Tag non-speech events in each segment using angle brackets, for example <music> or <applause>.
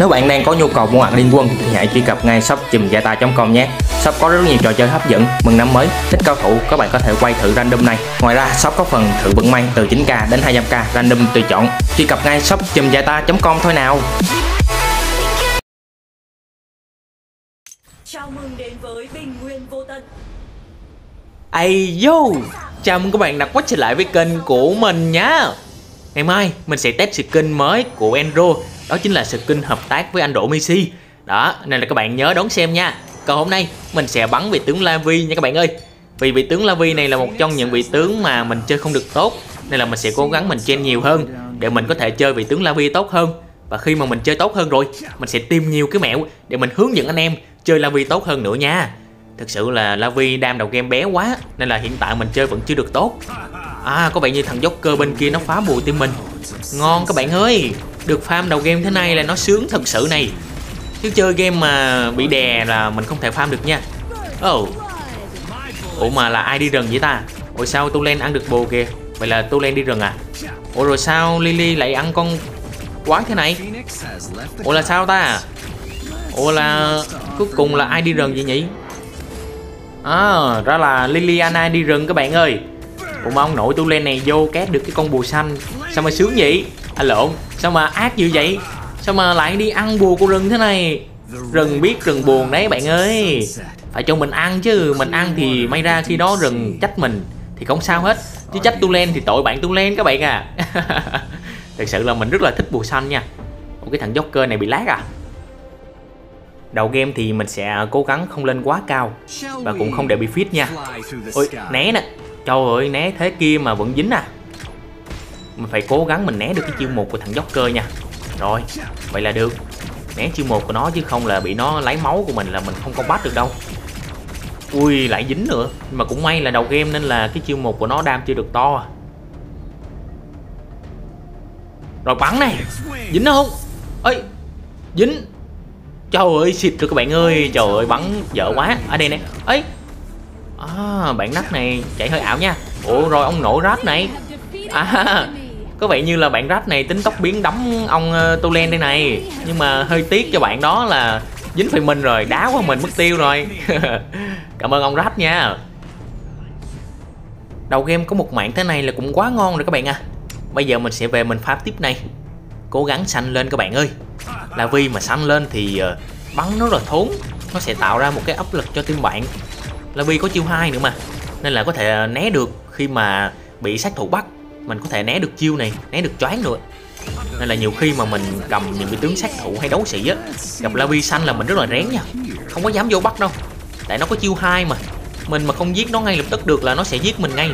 Nếu bạn đang có nhu cầu mua hàng liên quân thì hãy truy cập ngay shop chùm com nhé. Shop có rất nhiều trò chơi hấp dẫn, mừng năm mới, thích cao thủ các bạn có thể quay thử random này. Ngoài ra shop có phần thử vận may từ 9k đến 200k random tùy chọn. Truy cập ngay shop chùm com thôi nào. Chào mừng đến với Bình Nguyên Vô Tận Ây chào mừng các bạn đã quay trở lại với kênh của mình nhá Ngày mai mình sẽ test skin mới của Enro Đó chính là skin hợp tác với anh Đỗ Messi Đó, nên là các bạn nhớ đón xem nha Còn hôm nay mình sẽ bắn vị tướng Lavi nha các bạn ơi Vì vị tướng Lavi này là một trong những vị tướng mà mình chơi không được tốt Nên là mình sẽ cố gắng mình chen nhiều hơn Để mình có thể chơi vị tướng Lavi tốt hơn Và khi mà mình chơi tốt hơn rồi Mình sẽ tìm nhiều cái mẹo để mình hướng dẫn anh em chơi Lavi tốt hơn nữa nha Thực sự là Lavi đam đầu game bé quá Nên là hiện tại mình chơi vẫn chưa được tốt À có vẻ như thằng Joker bên kia nó phá bùa tim mình Ngon các bạn ơi Được farm đầu game thế này là nó sướng thật sự này Chứ chơi game mà bị đè là mình không thể farm được nha oh. Ủa mà là ai đi rừng vậy ta Ủa sao Tulen ăn được bồ kìa Vậy là Tulen đi rừng à Ủa rồi sao Lily lại ăn con quái thế này Ủa là sao ta Ủa là cuối cùng là ai đi rừng vậy nhỉ À ra là Liliana đi rừng các bạn ơi cũng mong nội tu len này vô két được cái con bùa xanh sao mà sướng vậy à lộn sao mà ác dữ vậy sao mà lại đi ăn bùa của rừng thế này rừng biết rừng buồn đấy bạn ơi phải cho mình ăn chứ mình ăn thì may ra khi đó rừng trách mình thì không sao hết chứ trách tu len thì tội bạn tu len các bạn à <laughs> thật sự là mình rất là thích bùa xanh nha Ủa cái thằng Joker này bị lát à Đầu game thì mình sẽ cố gắng không lên quá cao Và cũng không để bị fit nha Ôi né nè Trời ơi né thế kia mà vẫn dính à Mình phải cố gắng mình né được cái chiêu một của thằng Joker nha Rồi vậy là được Né chiêu một của nó chứ không là bị nó lấy máu của mình là mình không có bắt được đâu Ui lại dính nữa Nhưng Mà cũng may là đầu game nên là cái chiêu một của nó đam chưa được to à Rồi bắn này Dính nó không ấy Dính Trời ơi xịt rồi các bạn ơi Trời ơi bắn dở quá Ở đây này ấy à, bạn nắc này chạy hơi ảo nha ủa rồi ông nổ rát này à, có vẻ như là bạn rát này tính tóc biến đấm ông uh, ờ, tu đây này nhưng mà hơi tiếc cho bạn đó là dính phải mình rồi đá qua mình mất tiêu rồi <laughs> cảm ơn ông rát nha đầu game có một mạng thế này là cũng quá ngon rồi các bạn à bây giờ mình sẽ về mình pháp tiếp này cố gắng xanh lên các bạn ơi là vì mà xanh lên thì ờ, bắn nó là thốn nó sẽ tạo ra một cái áp lực cho team bạn Lavi có chiêu hai nữa mà nên là có thể à, né được khi mà bị sát thủ bắt mình có thể né được chiêu này né được choáng nữa nên là nhiều khi mà mình cầm những cái tướng sát thủ hay đấu sĩ á gặp Lavi xanh là mình rất là rén nha không có dám vô bắt đâu tại nó có chiêu hai mà mình mà không giết nó ngay lập tức được là nó sẽ giết mình ngay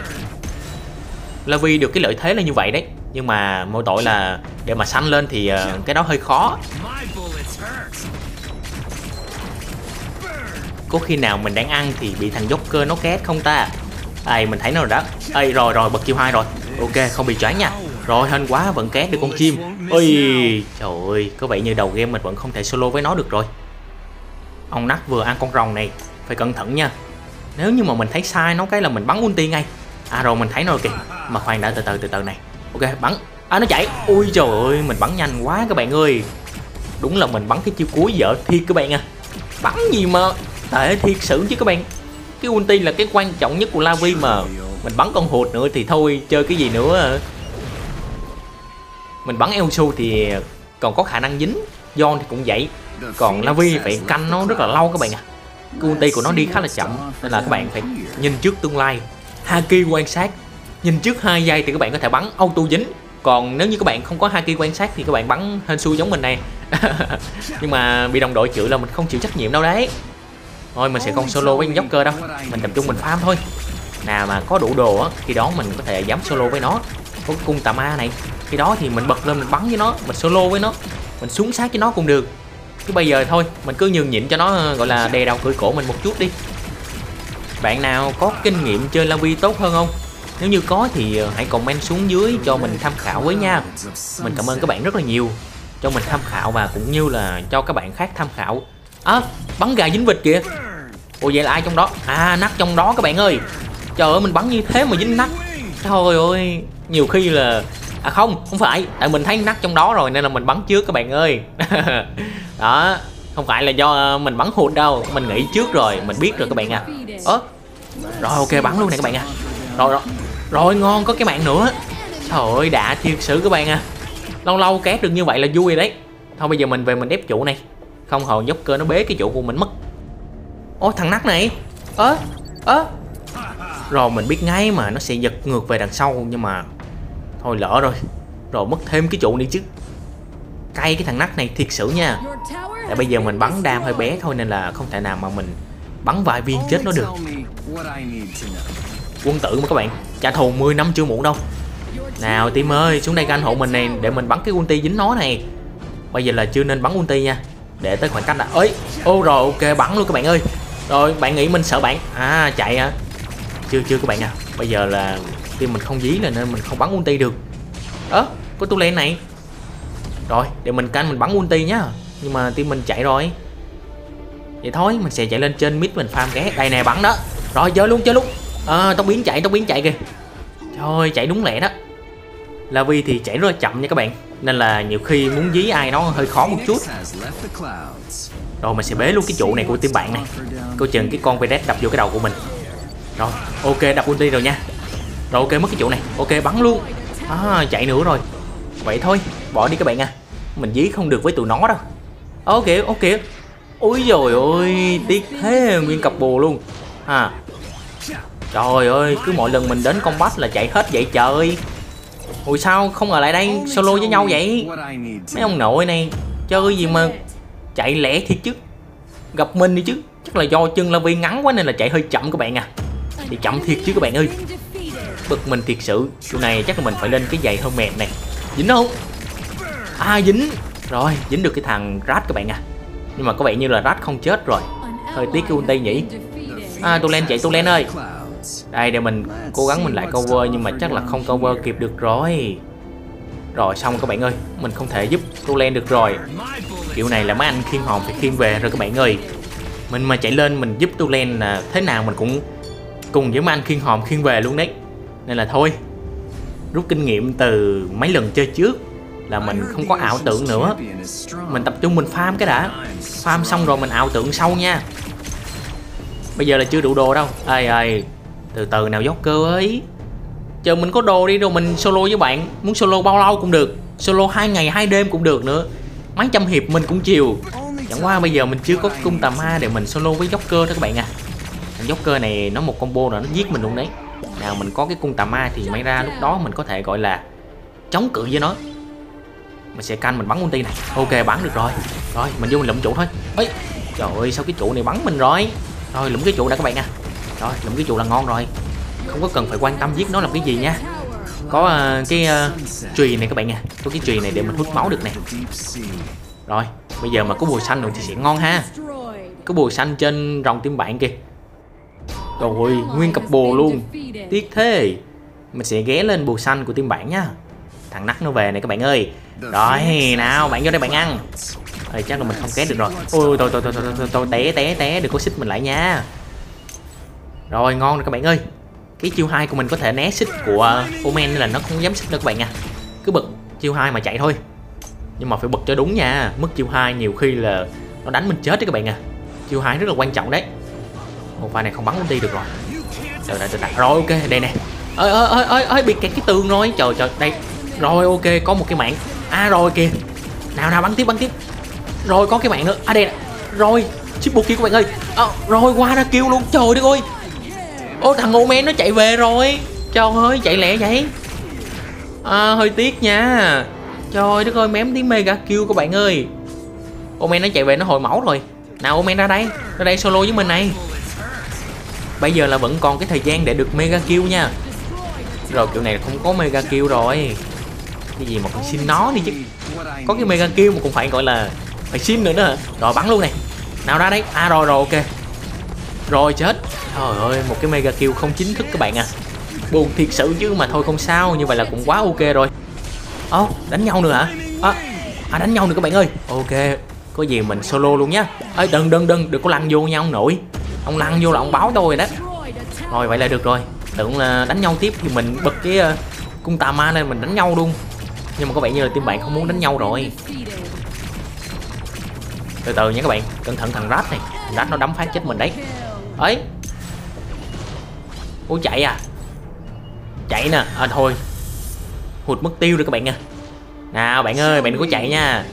Lavi được cái lợi thế là như vậy đấy nhưng mà mỗi tội là để mà xanh lên thì à, cái đó hơi khó có khi nào mình đang ăn thì bị thằng Joker nó két không ta Ây mình thấy nó rồi đó Ây rồi rồi bật chiêu hai rồi Ok không bị choáng nha Rồi hên quá vẫn két được con chim Ây trời ơi có vẻ như đầu game mình vẫn không thể solo với nó được rồi Ông nắc vừa ăn con rồng này Phải cẩn thận nha Nếu như mà mình thấy sai nó cái là mình bắn ulti ngay À rồi mình thấy nó rồi kìa Mà khoan đã từ từ từ từ này Ok bắn À nó chạy Ui trời ơi mình bắn nhanh quá các bạn ơi Đúng là mình bắn cái chiêu cuối dở thiệt các bạn à Bắn gì mà tệ thiệt sự chứ các bạn cái ulti là cái quan trọng nhất của Lavi mà mình bắn con hụt nữa thì thôi chơi cái gì nữa mình bắn Elsu thì còn có khả năng dính Yon thì cũng vậy còn Lavi phải canh nó rất là lâu các bạn ạ à. cái ulti của nó đi khá là chậm nên là các bạn phải nhìn trước tương lai Haki quan sát nhìn trước hai giây thì các bạn có thể bắn auto dính còn nếu như các bạn không có Haki quan sát thì các bạn bắn hên xui giống mình này <laughs> nhưng mà bị đồng đội chửi là mình không chịu trách nhiệm đâu đấy thôi mình sẽ không solo với nhóc cơ đâu mình tập trung mình farm thôi nào mà có đủ đồ á khi đó mình có thể dám solo với nó có cung tà ma này khi đó thì mình bật lên mình bắn với nó mình solo với nó mình xuống sát với nó cũng được chứ bây giờ thôi mình cứ nhường nhịn cho nó gọi là đè đầu cưỡi cổ mình một chút đi bạn nào có kinh nghiệm chơi la tốt hơn không nếu như có thì ờ, hãy comment xuống dưới cho mình tham khảo với nha mình cảm ơn các bạn rất là nhiều cho mình tham khảo và cũng như là cho các bạn khác tham khảo à, bắn gà dính vịt kìa ồ vậy là ai trong đó à nắp trong đó các bạn ơi trời ơi mình bắn như thế mà dính nắp trời ơi nhiều khi là à không không phải tại mình thấy nắp trong đó rồi nên là mình bắn trước các bạn ơi <laughs> đó không phải là do ờ, mình bắn hụt đâu mình nghĩ trước rồi mình biết rồi các bạn à ớ rồi ok bắn luôn nè các bạn à rồi rồi rồi ngon có cái mạng nữa trời ơi đã thiệt sự các bạn à lâu lâu két được như vậy là vui đấy thôi bây giờ mình về mình ép chủ này không hồi nhóc cơ nó bế cái chủ của mình mất ô thằng nắc này ớ ớ rồi mình biết ngay mà nó sẽ giật ngược về đằng sau nhưng mà thôi lỡ rồi rồi mất thêm cái trụ đi chứ cay cái thằng nắc này thiệt sự nha tại bây giờ mình bắn đam hơi bé thôi nên là không thể nào mà mình bắn vài viên chết nó được quân tử mà các bạn trả thù 10 năm chưa muộn đâu nào tim ơi xuống đây canh hộ mình này để mình bắn cái ulti dính nó này bây giờ là chưa nên bắn ulti nha để tới khoảng cách là ấy ô rồi ok bắn luôn các bạn ơi rồi bạn nghĩ mình sợ bạn à chạy hả chưa chưa các bạn à bây giờ là khi mình không dí là nên mình không bắn ulti được ớ à, có tu len này rồi để mình canh mình bắn ulti nhá nhưng mà team mình chạy rồi vậy thôi mình sẽ chạy lên trên mid mình farm ghé đây nè bắn đó rồi chơi luôn chơi luôn à, ờ, tông biến chạy tông biến chạy kìa thôi chạy đúng lẹ đó là vì thì chạy rất là chậm nha các bạn nên là nhiều khi muốn dí ai nó hơi khó một chút rồi mình sẽ bế luôn cái trụ này của team bạn này Coi chừng cái con vedette đập vô cái đầu của mình Rồi ok đập ulti rồi nha Rồi ok mất cái trụ này Ok bắn luôn à, Chạy nữa rồi Vậy thôi bỏ đi các bạn à Mình dí không được với tụi nó đâu Ok ok Ôi rồi ôi Tiếc thế nguyên cặp bù luôn à. Trời ơi cứ mỗi lần mình đến combat là chạy hết vậy trời Ủa sao không ở lại đây solo với nhau vậy Mấy ông nội này Chơi gì mà chạy lẻ thiệt chứ gặp mình đi chứ chắc là do chân la vi ngắn quá nên là chạy hơi chậm các bạn à thì chậm thiệt chứ các bạn ơi bực mình thiệt sự chỗ này chắc là mình phải lên cái giày hơn mềm này dính không à dính rồi dính được cái thằng rat các bạn à nhưng mà có vẻ như là rat không chết rồi hơi tiếc cái ulti nhỉ à tô len chạy tô len ơi đây để mình cố gắng mình lại cover nhưng mà chắc là không cover kịp được rồi rồi xong các bạn ơi mình không thể giúp tô len được rồi kiểu này là mấy anh khiên hồn phải khiên về rồi các bạn ơi mình mà chạy lên mình giúp tu len là thế nào mình cũng cùng với mấy anh khiên hồn khiên về luôn đấy nên là thôi rút kinh nghiệm từ mấy lần chơi trước là mình không có ảo tưởng nữa mình tập trung mình farm cái đã farm xong rồi mình ảo tưởng sau nha bây giờ là chưa đủ đồ đâu ai ê từ từ nào dốc cơ ấy chờ mình có đồ đi rồi mình solo với bạn muốn solo bao lâu cũng được solo hai ngày hai đêm cũng được nữa mấy trăm hiệp mình cũng chiều chẳng qua bây giờ mình chưa có cung tà ma để mình solo với Joker đó các bạn à thằng Joker này nó một combo là nó giết mình luôn đấy nào mình có cái cung tà ma thì may ra lúc đó mình có thể gọi là chống cự với nó mình sẽ canh mình bắn ulti này ok bắn được rồi rồi mình vô mình lụm trụ thôi ấy trời ơi sao cái trụ này bắn mình rồi rồi lụm cái trụ đã các bạn à rồi lụm cái trụ là ngon rồi không có cần phải quan tâm giết nó làm cái gì nha có uh, cái uh, chùy này các bạn nha có cái chùy này để mình hút máu được nè rồi bây giờ mà có bùa xanh rồi thì sẽ ngon ha có bùa xanh trên rồng tim bạn kìa rồi nguyên cặp bồ luôn tiếc thế mình sẽ ghé lên bùa xanh của tim bạn nha thằng nắc nó về này các bạn ơi rồi nào bạn vô đây bạn ăn rồi chắc là mình không ké được rồi ôi tôi tôi tôi tôi té té té được có xích mình lại nha rồi ngon rồi các bạn ơi cái chiêu hai của mình có thể né xích của Omen nên là nó không dám xích đâu các bạn nha cứ bật chiêu hai mà chạy thôi nhưng mà phải bật cho đúng nha mức chiêu hai nhiều khi là nó đánh mình chết đấy các bạn nha chiêu hai rất là quan trọng đấy một pha này không bắn lên đi được rồi đợi đợi đợi rồi ok đây nè ơi ơi ơi ơi bị kẹt cái tường rồi trời trời đây rồi ok có một cái mạng à rồi kìa nào nào bắn tiếp bắn tiếp rồi có cái mạng nữa à đây nè rồi chip kia các bạn ơi à, rồi qua ra kêu luôn trời đất ơi ô thằng Omen nó chạy về rồi trời ơi chạy lẹ vậy à, hơi tiếc nha trời ơi đất ơi mém tiếng mega kêu các bạn ơi Omen nó chạy về nó hồi máu rồi nào Omen ra đây ra đây solo với mình này bây giờ là vẫn còn cái thời gian để được mega kêu nha rồi kiểu này không có mega kêu rồi cái gì mà còn xin nó đi chứ có cái mega kêu mà cũng phải gọi là phải xin nữa đó rồi bắn luôn này nào ra đấy à rồi rồi ok rồi chết Trời ơi, một cái mega kill không chính thức các bạn à Buồn thiệt sự chứ mà thôi không sao, như vậy là cũng quá ok rồi Ồ, oh, đánh nhau nữa hả? À, à đánh nhau nữa các bạn ơi Ok, có gì mình solo luôn nhá ấy đừng đừng đừng, đừng có lăn vô nhau ông nội Ông lăn vô là ông báo tôi rồi đó Rồi vậy là được rồi Tưởng là đánh nhau tiếp thì mình bật cái uh, cung tà ma lên mình đánh nhau luôn Nhưng mà có vẻ như là team bạn không muốn đánh nhau rồi Từ từ nha các bạn, cẩn thận thằng Rat này Thằng Rat nó đấm phát chết mình đấy ấy Ủa chạy à Chạy nè À thôi Hụt mất tiêu rồi các bạn à Nào bạn ơi bạn đừng có chạy nha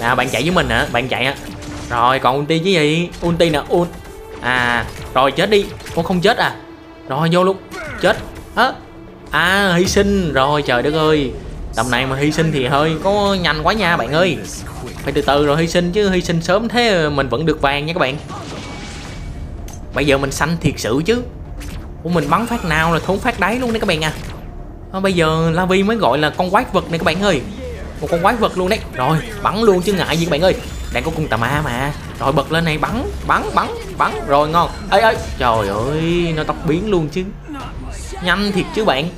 Nào bạn chạy với mình hả Bạn chạy hả Rồi còn ulti chứ gì Ulti nè ult À Rồi chết đi Ô không chết à Rồi vô luôn Chết Hả à. à hy sinh Rồi trời đất ơi Tầm này mà hy sinh thì hơi có nhanh quá nha bạn ơi Phải từ từ rồi hy sinh chứ hy sinh sớm thế mình vẫn được vàng nha các bạn Bây giờ mình xanh thiệt sự chứ của mình bắn phát nào là thốn phát đáy luôn đấy các bạn à bây giờ Lavi mới gọi là con quái vật này các bạn ơi một con quái vật luôn đấy rồi bắn luôn chứ ngại gì các bạn ơi đang có cung tà ma mà rồi bật lên này bắn bắn bắn bắn rồi ngon ấy ấy trời ơi nó tóc biến luôn chứ nhanh thiệt chứ bạn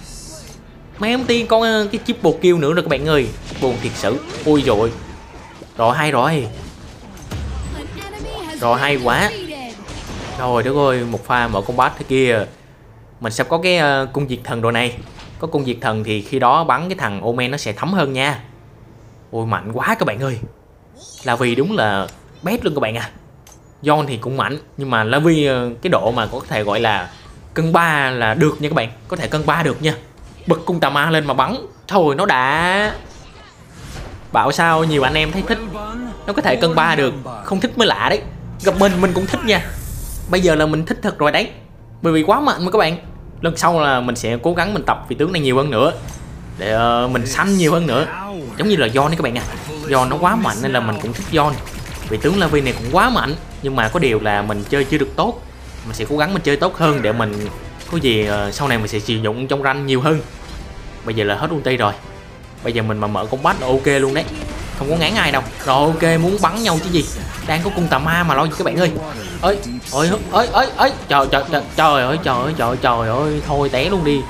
mấy ông tiên con ờ, cái chip bột kêu nữa rồi các bạn ơi buồn thiệt sự ui rồi rồi hay rồi rồi hay quá rồi đúng rồi một pha mở con bát thế kia mình sẽ có cái uh, cung diệt thần đồ này có cung diệt thần thì khi đó bắn cái thằng Omen nó sẽ thấm hơn nha ôi mạnh quá các bạn ơi là vì đúng là bét luôn các bạn à John thì cũng mạnh nhưng mà là vì uh, cái độ mà có thể gọi là cân ba là được nha các bạn có thể cân ba được nha bật cung tà ma lên mà bắn thôi nó đã bảo sao nhiều anh em thấy thích nó có thể cân ba được không thích mới lạ đấy gặp mình mình cũng thích nha bây giờ là mình thích thật rồi đấy bởi vì quá mạnh mà các bạn lần sau là mình sẽ cố gắng mình tập vị tướng này nhiều hơn nữa để uh, mình sanh nhiều hơn nữa giống như là do đấy các bạn nha. do nó quá mạnh nên là mình cũng thích do vị tướng Lavi này cũng quá mạnh nhưng mà có điều là mình chơi chưa được tốt mình sẽ cố gắng mình chơi tốt hơn để mình có gì uh, sau này mình sẽ sử dụng trong ranh nhiều hơn bây giờ là hết ulti rồi bây giờ mình mà mở bát là ok luôn đấy không có ngán ai đâu rồi ok muốn bắn nhau chứ gì đang có cung tà ma mà lo gì các bạn ơi ơi ơi ơi ơi ơi trời trời trời trời ơi trời trời trời ơi thôi té luôn đi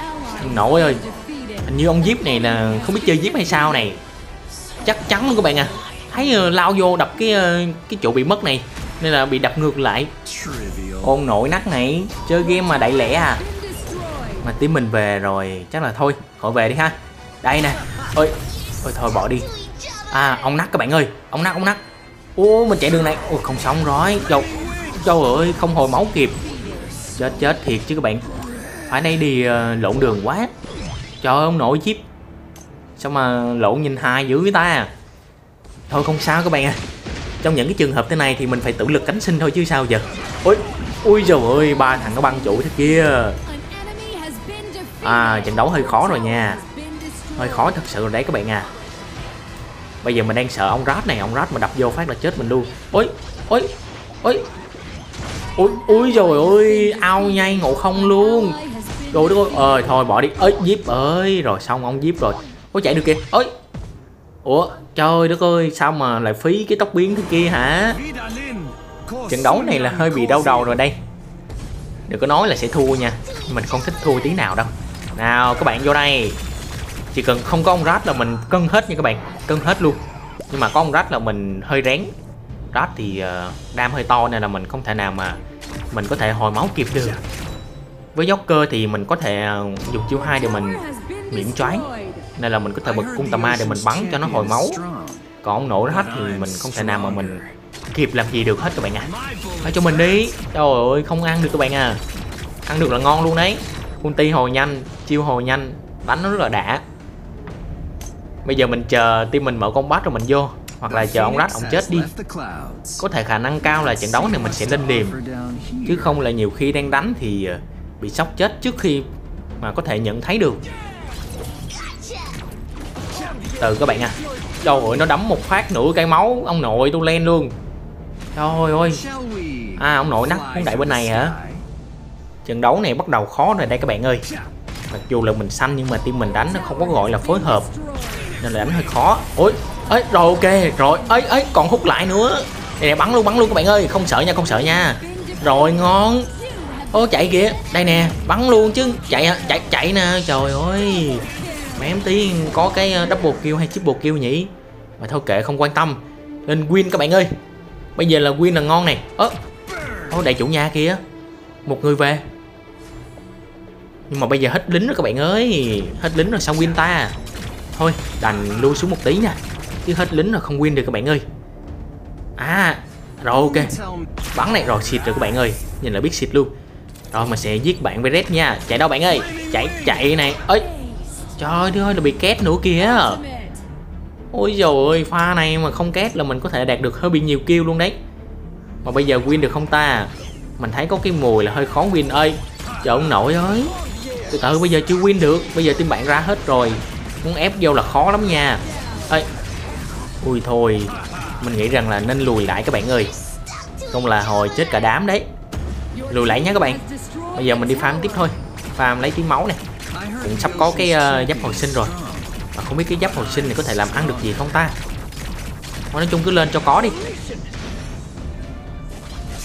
nội ơi hình như ông jeep này là không biết chơi jeep hay sao này chắc chắn luôn các bạn à thấy uh, lao vô đập cái uh, cái chỗ bị mất này nên là bị đập ngược lại ôn nội nắc này chơi game mà đại lẻ à mà tí mình về rồi chắc là thôi khỏi về đi ha đây nè ôi ôi thôi bỏ đi à ông nắc các bạn ơi ông nắc ông nắc ô mình chạy đường này ôi không xong rồi châu châu ơi không hồi máu kịp chết chết thiệt chứ các bạn phải đây đi uh, lộn đường quá trời ơi ông nội chip sao mà lộn nhìn hai dữ với ta thôi không sao các bạn à trong những cái trường hợp thế này thì mình phải tự lực cánh sinh thôi chứ sao giờ ôi ui trời ơi ba thằng nó băng chủ thế kia à trận đấu hơi khó rồi nha hơi khó thật sự rồi đấy các bạn à bây giờ mình đang sợ ông rát này ông rát mà đập vô phát là chết mình luôn ôi ôi ôi ôi ôi rồi ôi ao nhay ngộ không luôn rồi đúng ơi ơi thôi bỏ đi ơi díp ơi rồi xong ông díp rồi có chạy được kìa ơi ủa trời đất ơi sao mà lại phí cái tóc biến thứ kia hả trận đấu này là hơi bị đau đầu rồi đây đừng có nói là sẽ thua nha mình không thích thua tí nào đâu nào các bạn vô đây chỉ cần không có ông rát là mình cân hết nha các bạn cân hết luôn nhưng mà có ông rát là mình hơi rén rát thì ờ, đam hơi to nên là mình không thể nào mà mình có thể hồi máu kịp được với cơ thì mình có thể ờ, dùng chiêu hai để mình miễn choáng nên là mình có thể bật cung tama để mình bắn cho nó hồi máu còn ông nổ hết thì mình không thể nào mà mình kịp làm gì được hết các bạn ạ à. Hãy cho mình đi Trời ơi không ăn được các bạn à Ăn được là ngon luôn đấy Ulti hồi nhanh Chiêu hồi nhanh Đánh nó rất là đã bây giờ mình chờ team mình mở con bát rồi mình vô hoặc là chờ ông rách ông chết đi có thể khả năng cao là trận đấu này mình sẽ lên điểm chứ không là nhiều khi đang đánh thì ờ, bị sốc chết trước khi mà có thể nhận thấy được từ các bạn à trời ơi nó đấm một phát nửa cái máu ông nội tôi len luôn trời ơi à ông nội nắc cũng đẩy bên này hả trận đấu này bắt đầu khó rồi đây các bạn ơi mặc dù là mình xanh nhưng mà team mình đánh nó không có gọi là phối hợp nên là đánh hơi khó ôi ấy rồi ok rồi ấy ấy còn hút lại nữa nè bắn luôn bắn luôn các bạn ơi không sợ nha không sợ nha rồi ngon ô chạy kìa đây nè bắn luôn chứ chạy chạy chạy nè trời ơi mẹ em tí có cái ờ, double kill hay triple kill nhỉ mà thôi kệ không quan tâm nên win các bạn ơi bây giờ là win là ngon này ớ ô đại chủ nhà kia một người về nhưng mà bây giờ hết lính rồi các bạn ơi hết lính rồi sao win ta Thôi đành lui xuống một tí nha Chứ hết lính rồi không win được các bạn ơi À Rồi ok Bắn này rồi xịt rồi các bạn ơi Nhìn là biết xịt luôn Rồi mà sẽ giết bạn với Red nha Chạy đâu bạn ơi Chạy chạy này ấy Trời ơi là bị két nữa kìa Ôi dồi ôi pha này mà không két là mình có thể đạt được hơi bị nhiều kêu luôn đấy Mà bây giờ win được không ta Mình thấy có cái mùi là hơi khó win ơi Trời ông nội ơi Từ từ bây giờ chưa win được Bây giờ team bạn ra hết rồi muốn ép vô là khó lắm nha Ê. ui thôi mình nghĩ rằng là nên lùi lại các bạn ơi không là hồi chết cả đám đấy lùi lại nhé các bạn bây giờ mình đi farm tiếp thôi farm lấy tiếng máu này cũng sắp có cái uh, giáp hồi sinh rồi mà không biết cái giáp hồi sinh này có thể làm ăn được gì không ta nói chung cứ lên cho có đi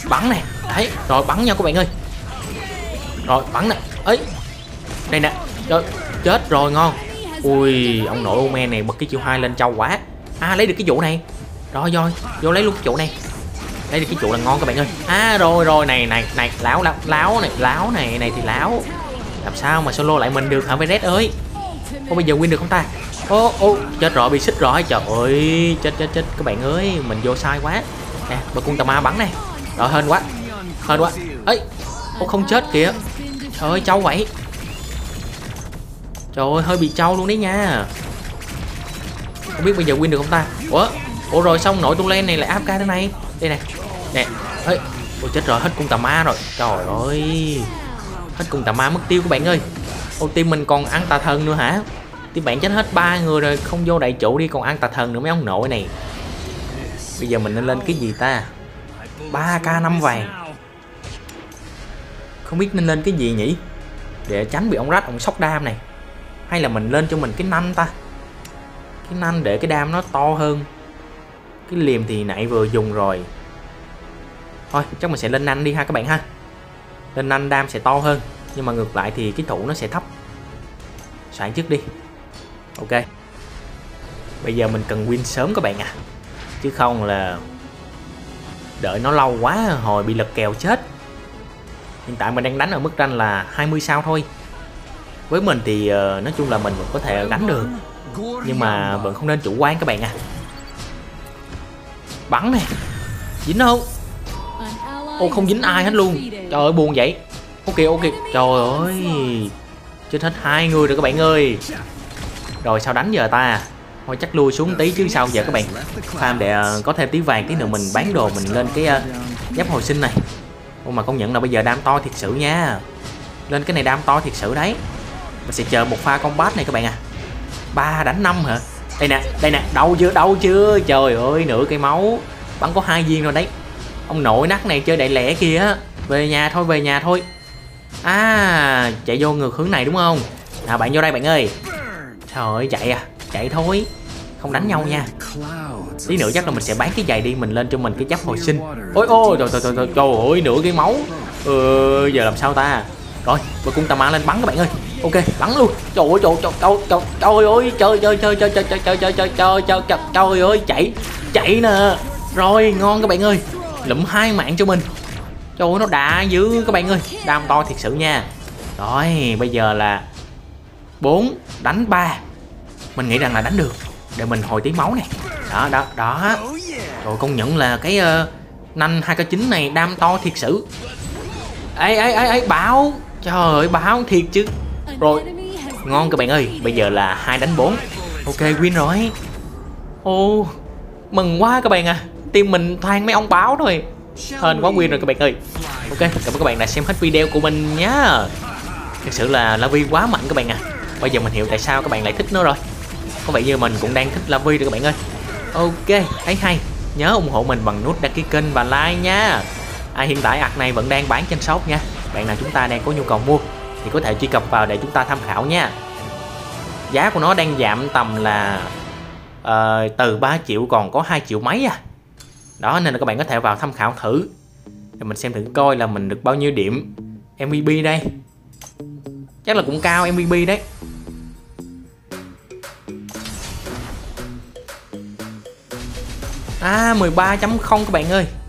bắn nè đấy rồi bắn nha các bạn ơi rồi bắn nè ấy đây nè rồi chết rồi ngon Ui ông nội Ome này bật cái chiêu hai lên trâu quá À lấy được cái vụ này Rồi rồi vô lấy luôn cái vụ này Lấy được cái vụ là ngon các bạn ơi À rồi rồi này này này láo láo, láo này láo này này thì láo Làm sao mà solo lại mình được hả Veret ơi có bây giờ win được không ta Ô ô chết rồi bị xích rồi trời ơi Chết chết chết các bạn ơi mình vô sai quá Nè bật cung tà ma bắn này Rồi hên quá Hên quá ấy Ô không chết kìa Trời ơi cháu vậy Trời ơi hơi bị trâu luôn đấy nha Không biết bây giờ win được không ta Ủa Ủa rồi xong nổi tung lên này lại áp ca thế này Đây nè Nè Ê Ôi chết rồi hết cung tà ma rồi Trời ơi Hết cung tà ma mất tiêu các bạn ơi Ô tim mình còn ăn tà thần nữa hả Tim bạn chết hết ba người rồi Không vô đại chủ đi còn ăn tà thần nữa mấy ông nội này Bây giờ mình nên lên cái gì ta 3k 5 vàng Không biết nên lên cái gì nhỉ Để tránh bị ông rách ông sóc đam này hay là mình lên cho mình cái nanh ta cái nanh để cái đam nó to hơn cái liềm thì nãy vừa dùng rồi thôi chắc mình sẽ lên nanh đi ha các bạn ha lên nanh đam sẽ to hơn nhưng mà ngược lại thì cái thủ nó sẽ thấp soạn trước đi ok bây giờ mình cần win sớm các bạn à chứ không là đợi nó lâu quá hồi bị lật kèo chết hiện tại mình đang đánh ở mức ranh là 20 sao thôi với mình thì uh, nói chung là mình vẫn có thể gánh được nhưng mà vẫn không nên chủ quan các bạn à bắn này dính không ô không dính ai hết luôn trời ơi buồn vậy ok ok trời ơi chết hết hai người rồi các bạn ơi rồi sao đánh giờ ta thôi chắc lui xuống tí chứ sao giờ các bạn farm để ờ, có thêm tí vàng tí nữa mình bán đồ mình lên cái uh, giáp hồi sinh này ô mà công nhận là bây giờ đam to thiệt sự nha lên cái này đam to thiệt sự đấy mình sẽ chờ một pha combat này các bạn à ba đánh năm hả đây nè đây nè đâu chưa đâu chưa trời ơi nửa cây máu bắn có hai viên rồi đấy ông nội nắc này chơi đại lẻ kia về nhà thôi về nhà thôi à chạy vô ngược hướng này đúng không à bạn vô đây bạn ơi trời ơi chạy à chạy thôi không đánh nhau nha tí nữa chắc là mình sẽ bán cái giày đi mình lên cho mình cái chấp hồi sinh ôi ôi trời trời trời trời ơi nửa cái máu ờ, giờ làm sao ta rồi bơ cung tà ma lên bắn các bạn ơi ok bắn luôn trời ơi trời trời trời trời ơi trời trời trời trời trời trời trời trời trời trời trời trời trời ơi chạy chạy nè rồi ngon các bạn ơi lụm hai mạng cho mình trời ơi nó đã dữ các bạn ơi đam to thiệt sự nha rồi bây giờ là 4 đánh 3 mình nghĩ rằng là đánh được để mình hồi tí máu này đó đó đó rồi công nhận là cái uh, nanh hai cái chín này đam to thiệt sự ấy ấy ấy ấy báo trời ơi báo thiệt chứ rồi Ngon các bạn ơi Bây giờ là hai đánh 4 Ok win rồi Ô oh, Mừng quá các bạn à Team mình than mấy ông báo thôi Hên quá win rồi các bạn ơi Ok cảm ơn các bạn đã xem hết video của mình nhá Thực sự là Lavi quá mạnh các bạn à Bây giờ mình hiểu tại sao các bạn lại thích nó rồi Có vẻ như mình cũng đang thích Lavi rồi các bạn ơi Ok thấy hay Nhớ ủng hộ mình bằng nút đăng ký kênh và like nha à, Hiện tại ạc này vẫn đang bán trên shop nha Bạn nào chúng ta đang có nhu cầu mua thì có thể truy cập vào để chúng ta tham khảo nha giá của nó đang giảm tầm là uh, từ 3 triệu còn có 2 triệu mấy à đó nên là các bạn có thể vào tham khảo thử rồi mình xem thử coi là mình được bao nhiêu điểm MVP đây chắc là cũng cao MVP đấy À 13.0 các bạn ơi